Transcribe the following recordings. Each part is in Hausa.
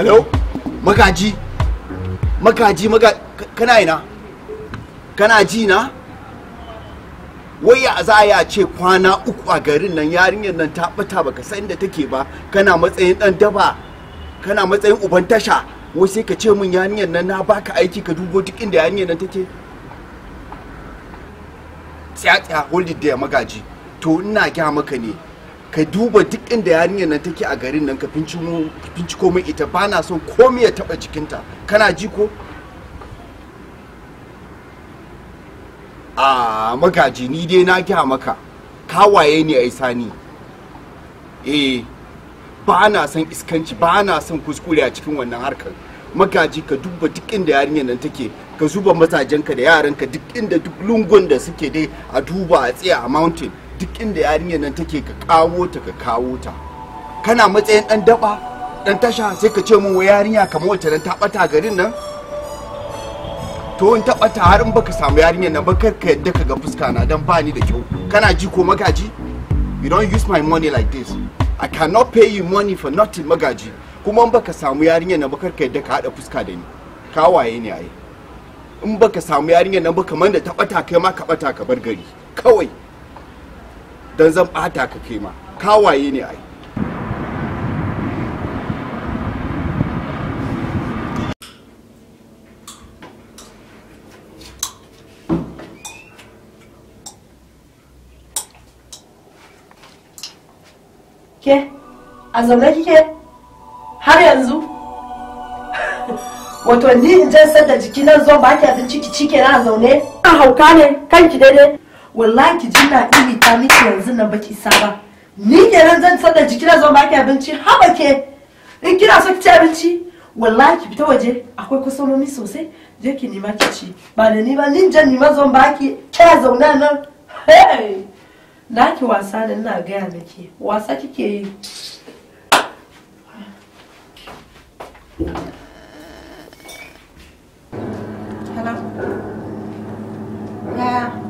hello makaji makaji kana ina kana ji na waya za a ce kwana uku a garin nan yarinyar nan ta bata baka san da take ba kana matsayin dan daba kana matsayin uban tasha wai sai ka ce min yarinyar nan na baka aiki ka dubo duk inda yarinyar nan take tsaya tsaya hold it there magaji to ina gya maka ne ka duba duk inda yarinyar nan take a garin nan ka binciko min ita ba na son komai ya taba jikinta kana ji ko a ah, magaji ni dai na gya maka kawaye ne a sani eh ba na son iskanci ba na son kuskure a cikin wannan harkar magaji ka duba duk inda yarinyar nan take ka zuba mazajenka da yaranka duk inda duk lungun da suke dai a duba a tsaye a mountain duk inda yarinyar nan take ka kawo ta ka kawo ta kana matsayin dan daba dan tasha sai ka ce mun wa yarinya kamar wacce nan ta bata garin nan to in ta bata har in baka samu yarinyar nan ba kar ka yadda ka ga fuska na dan ba ni da kyau kana ji ko magaji you don't use my money like this i cannot pay you money for nothing magaji kuma in baka samu yarinyar nan ba kar ka yadda ka hada fuska da ni ka waye ne ai in baka samu yarinyar nan ba kamar da ta bata kai ma ka bata ka bar gari kawai don zan bata ka kai ma kawaye ne ai ke a zaune kike har yanzu wato ni in jan da jiki nan zo baki abinci ki kenan a zaune a hauka ne kanki daidai wallahi ki ji na ta miki yanzu nan baki saba ba ni kenan zan san da jikina zo baki abinci haba ke in kina so ki ci abinci wallahi ki fita waje akwai kusurumi sosai je ki nima ki ci ba da ni ba nin jan nima zo baki ke zauna nan hey ki wasa da ina gaya miki wasa kike yi Yeah.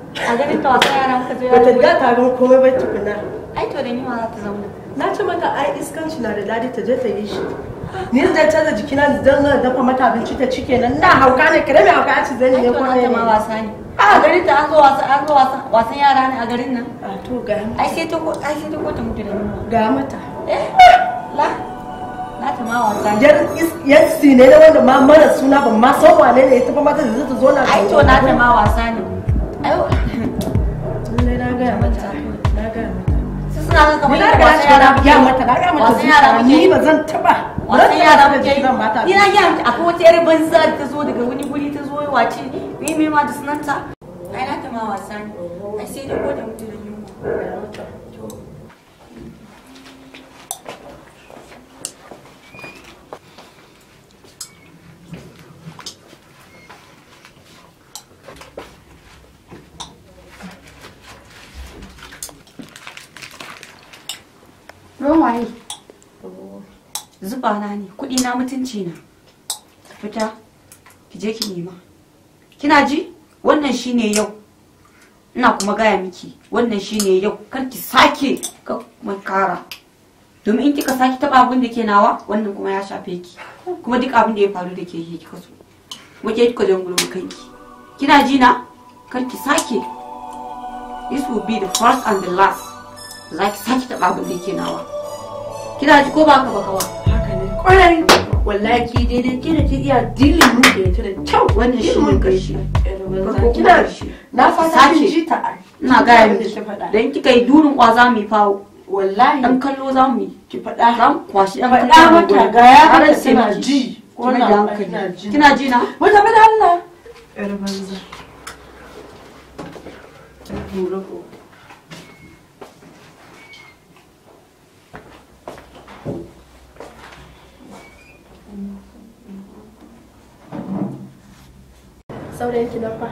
a ganin ta wasa yara muka zo yara ta taron komai bai tukuna ai to da ni ma za na ce mata ai iskanci na da ta je ta yi shi ni zan canza jikina zan zan dafa mata abinci ta cike nan na hauka ne kare mai hauka ci zan yi ne ma wasa a garin ta an zo wasan yara ne a garin nan a to ga ta ko ai mutu da ni ga mata eh la na ta ma wasa yar yar sine da wanda ma mara suna ban ma san wane ne ita ba mata da ta zo na ai to na ta wasa ne gaya mata na gaya mata suna ga kamar yadda wasu yara ba zan taba zan ina gaya akwai wata yar ta zo daga wani guri ta zo wace ni ma da sunanta ai na ta ma wasan ai sai da ko da mutum yunwa ruwan waye zuba na ne kuɗi na mutunci na fita ki je ki nema kina ji wannan shine yau ina kuma gaya miki wannan shine yau kar ki sake ka kuma kara domin in kika sake taɓa abin da ke nawa wannan kuma ya shafe ki kuma duk abin da ya faru da ke yi kika so kuma ke kika jangulo kanki kina ji na kar ki sake this will be the first and the last zaki ki sake taɓa abin da yake nawa kina ji ko ba ka ba kawa haka ne kwarai wallahi ki dai dai kina ki iya dilin mu da ita da kyau wannan shi ne karshe kina na fata ki ji ta ina ga miki dan kika yi durin kwaza mai fawo wallahi dan kallo za mu yi ki fada ran kwashi dan kallo faɗa mata ga ya tana ji ko na hankali kina ji na wata bada Allah yar banza Saurayin ki dan fa.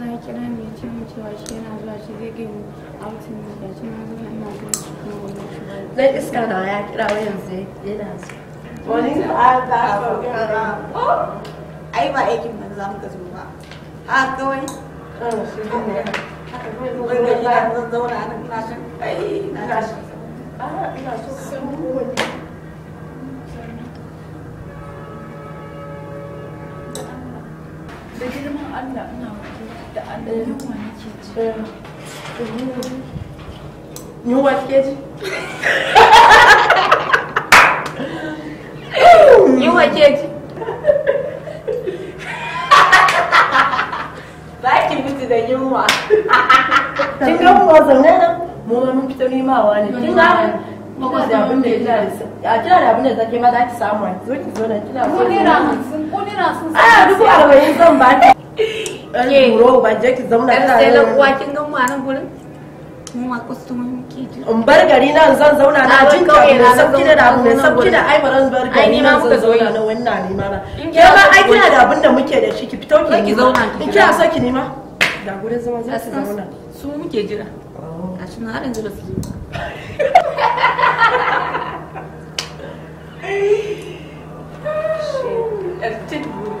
banza kira kuma Shi yunwa kike ba ki mutu da yunwa mu zaune nan mu ma mun fito nimawa ne kin ga kina da abin da ya a kina da abin da zake ma za ki samu zo ki zo nan kina ɗan buro ba je ki zauna ta sai na uwa kin ga mu a nan gurin mu ma kwastomomi ke ji in bar gari nan zan zauna na jin ka mai sauki da abu mai sauki da ai baran bar gari nan zan zauna na wannan nema na ke ma ai kina da abin da muke da shi ki fito ki ki zauna ki kina so ki nema da gurin zama za su zauna su muke jira a cikin har yanzu da su Shit, a tit group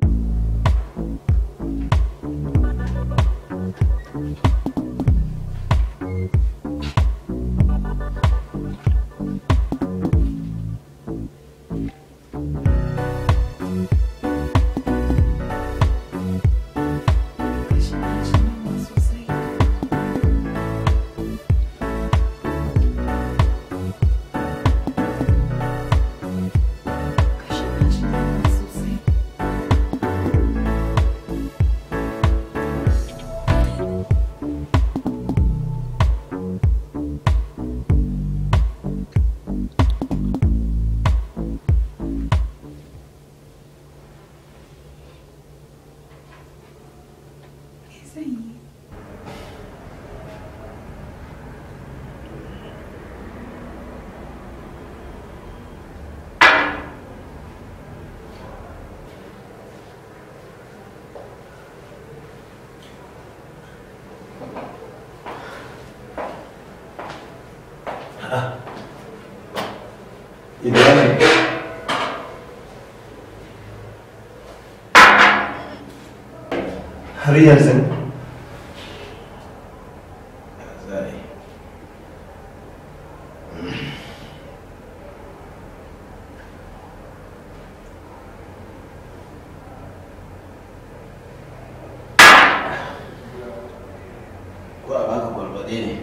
Riesen. Kwa baka kwalbade ne.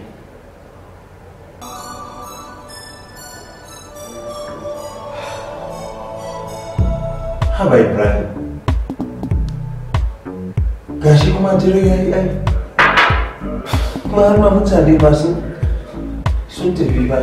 almajirai ya yi ai kuma har ma mutane ba ba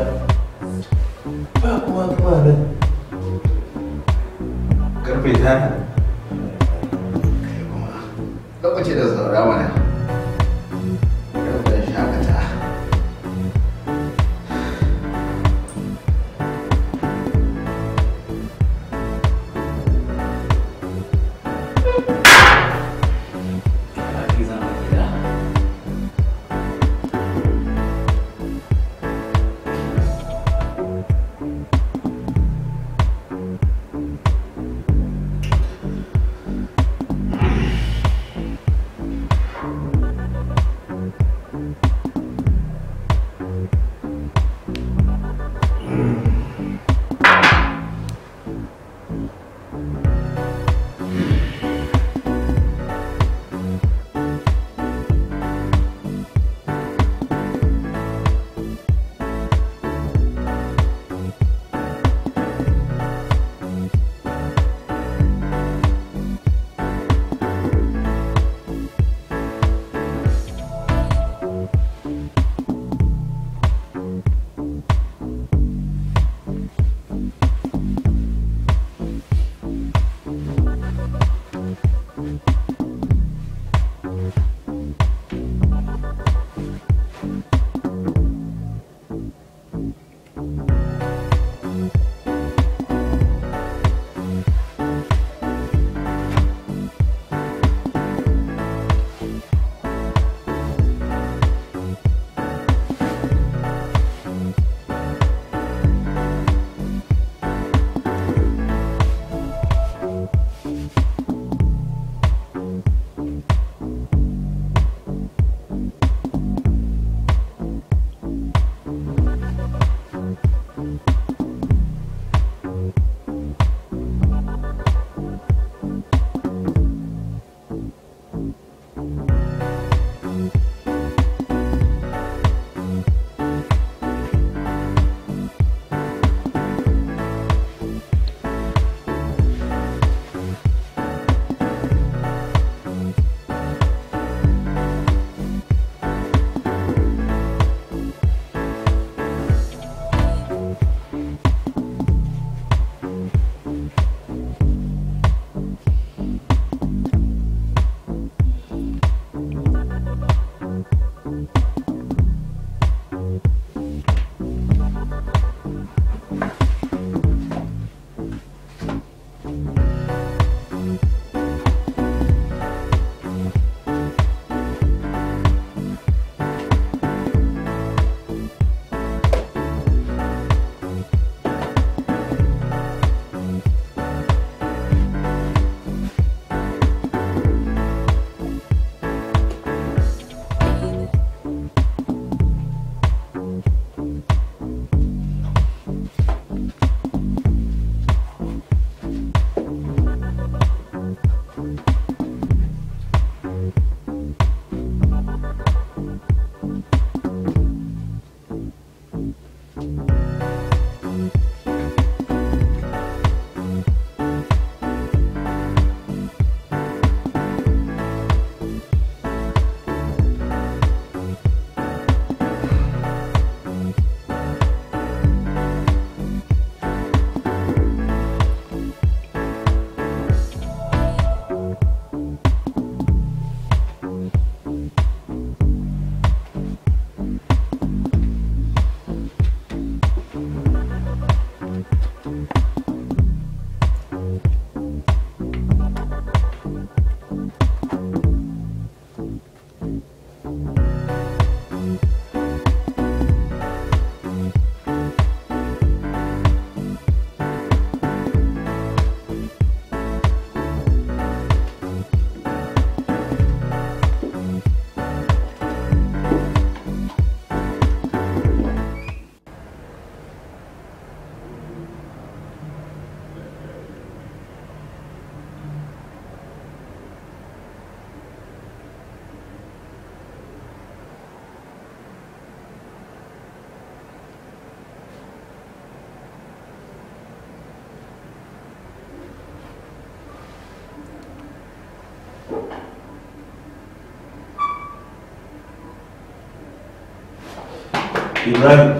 ibrahim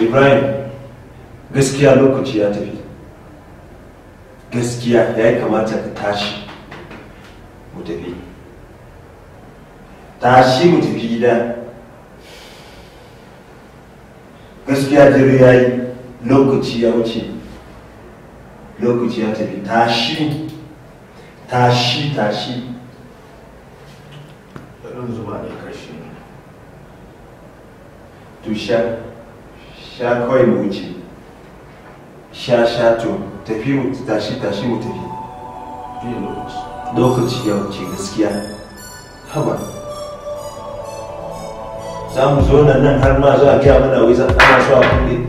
ibrahim gaskiya lokaci ya tafi gaskiya ya yi kamata ka tashi mu tafi tashi mu tafi gida gaskiya jiri ya yi lokaci ya wuce lokaci ya tafi tashi tashi tashi zuba ne to sha share kawai mu wuce sha to tafi mu tashi tashi mu tafi lokaci ya wuce gaskiya haba za mu zo nan nan har ma za a gaya mana wai za ana so a kulle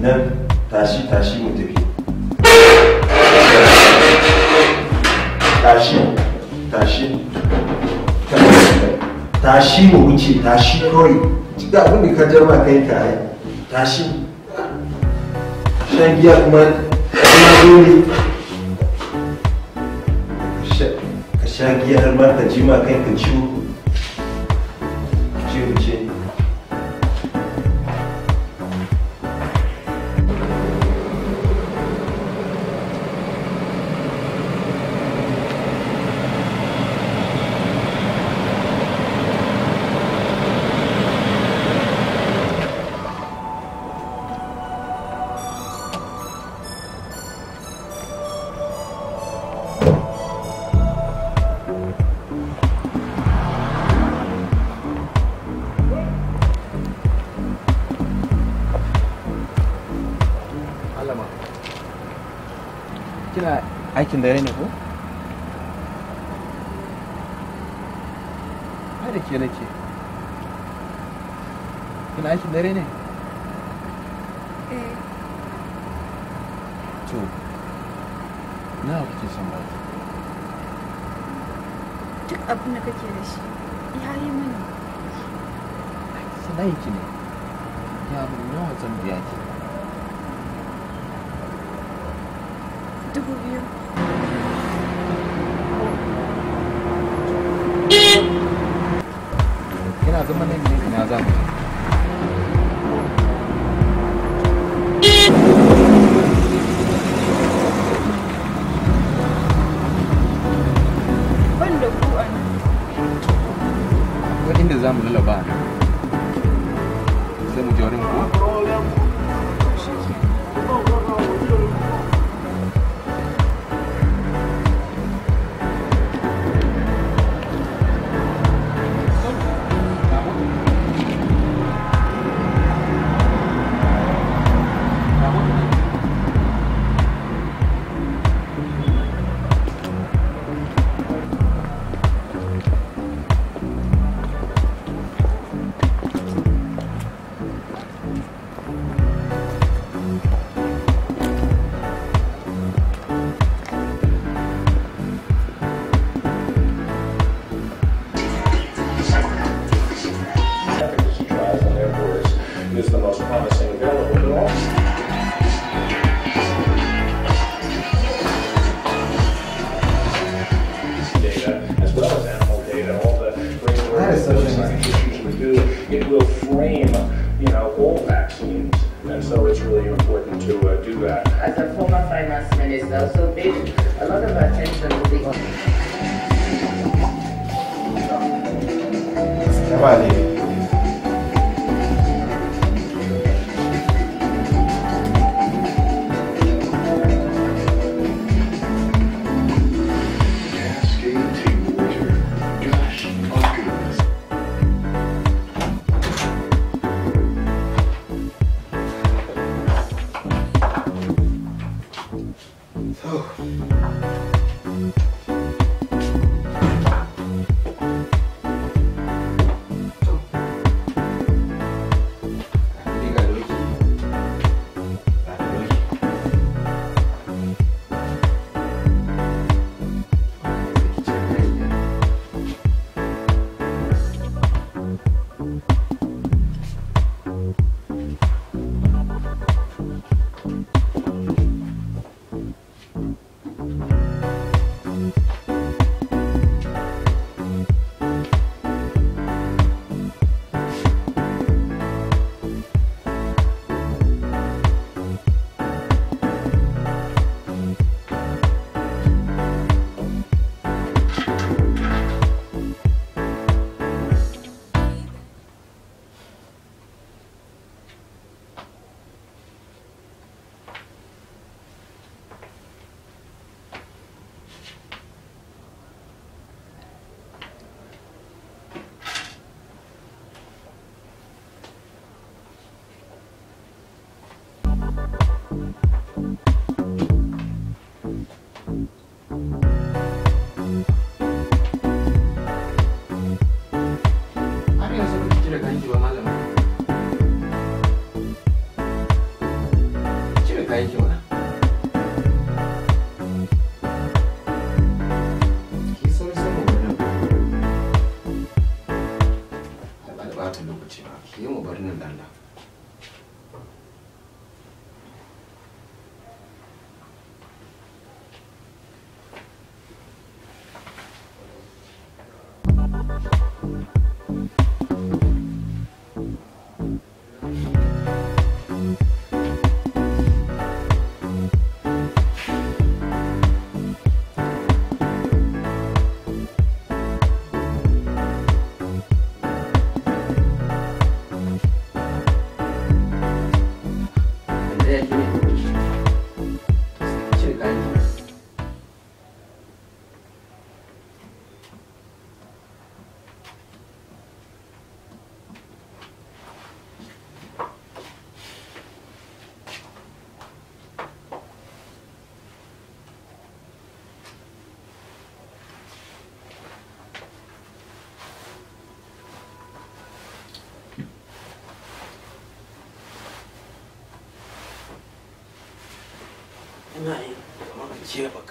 nan tashi tashi mu tafi tashi tashi tashi mu wuce tashi kawai da abin da ka jarma kai ka yi tashi shan giya kuma kuma dole ka sha giya har ma ka jima kai ka ciwo Ay dare ne bu. Ai da ke nake. Kina aikin dare ne? Eh. To. Na kike son ba? Duk abin da kake da shi Sen ay mini. Sanayi ki ne. Ya mun nawa zan biya ki? Dubu 这么呢？你要这样？Давай, Лев.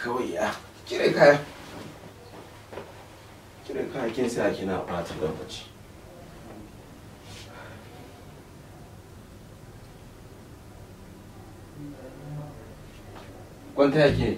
kawai ya kire kaya kire kaya kin sa kina bata lokaci kwanta yake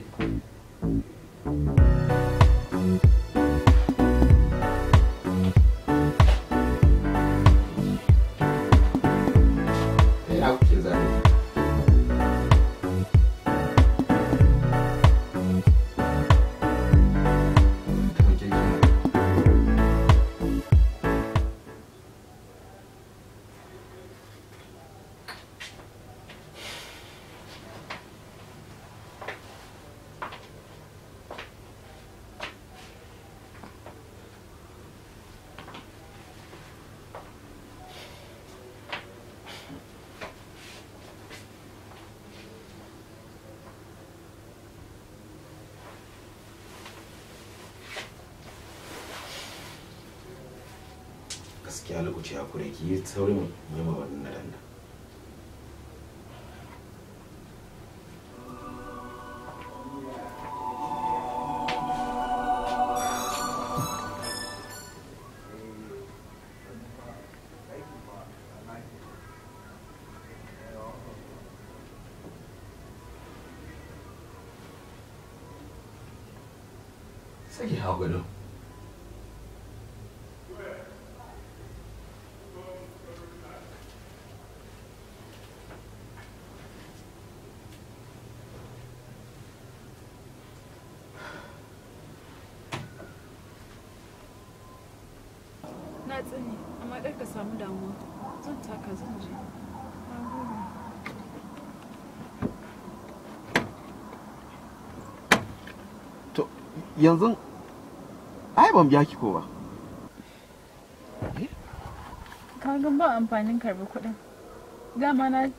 gaskiya lokaci ya kure ki saurin mai ma wannan danna yanzu ai ban biya ki ko ba eh? kagan ba amfanin karbi kuɗin dama na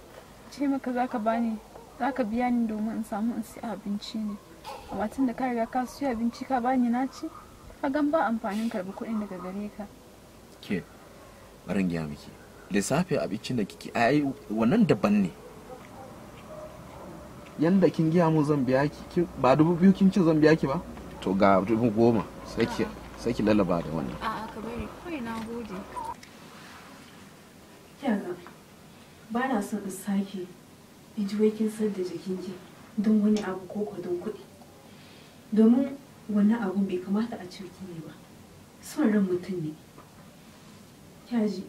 ce maka zaka bani zaka biya ni domin in samu in siya abinci ne amma tun da ka riga ka siya abinci ka bani na ci kagan ba amfanin karbi kuɗin daga gare ka ke barin gaya miki lissafi abincin da kike ai wannan daban ne yanda kin gaya mu zan biya ki ba dubu biyu kin ce zan biya ki ba to ga dubu goma sai ki lalaba da wannan a'a ka bari kawai na gode kyanga ba na son in sake in ji wai kin sar da jikinki don wani abu ko ko don kuɗi domin wannan abun bai kamata a cikin ne ba son ran mutum ne kyaji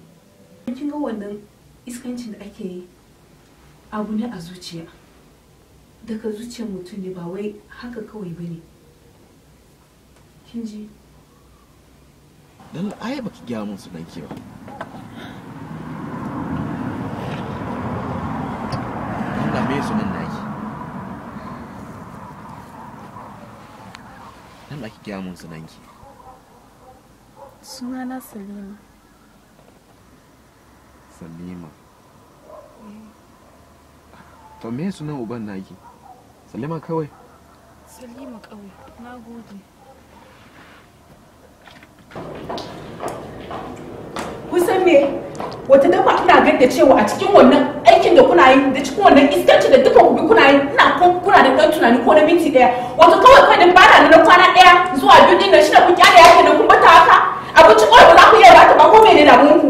kin ga wannan iskancin da ake yi abu ne a zuciya daga zuciyar mutum ne ba wai haka kawai ba ne kinji dan ai baki gaya sunan ba Allah me sunan naki dan baki gaya sunan sunana Salima Salima eh. to me sunan uban naki Salima kawai Salima kawai na gode kusan me wata dama ina da cewa a cikin wannan aikin da kuna yi da cikin wannan iskanci da duka kubi kuna yi ina kuna da ɗan tunani ko na minti daya wato kawai kai da na kwana ɗaya zuwa biyu ɗin nan shi da kun kyale yakin da kun bata haka abinci kawai ba za ku iya ba ba ko mene damuwar ku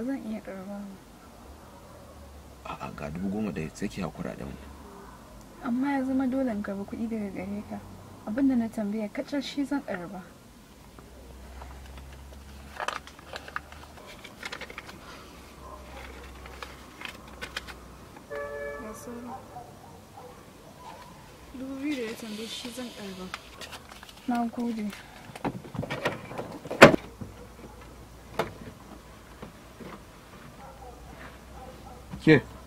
ba zan iya karba ba a'a ga dubu goma ɗaya sai ki hakura da mu amma ya zama dole in karbi kuɗi daga gare ka abinda na tambaya kacal shi zan karba dubu biyu da ya tambaye shi zan karba na gode Thank you.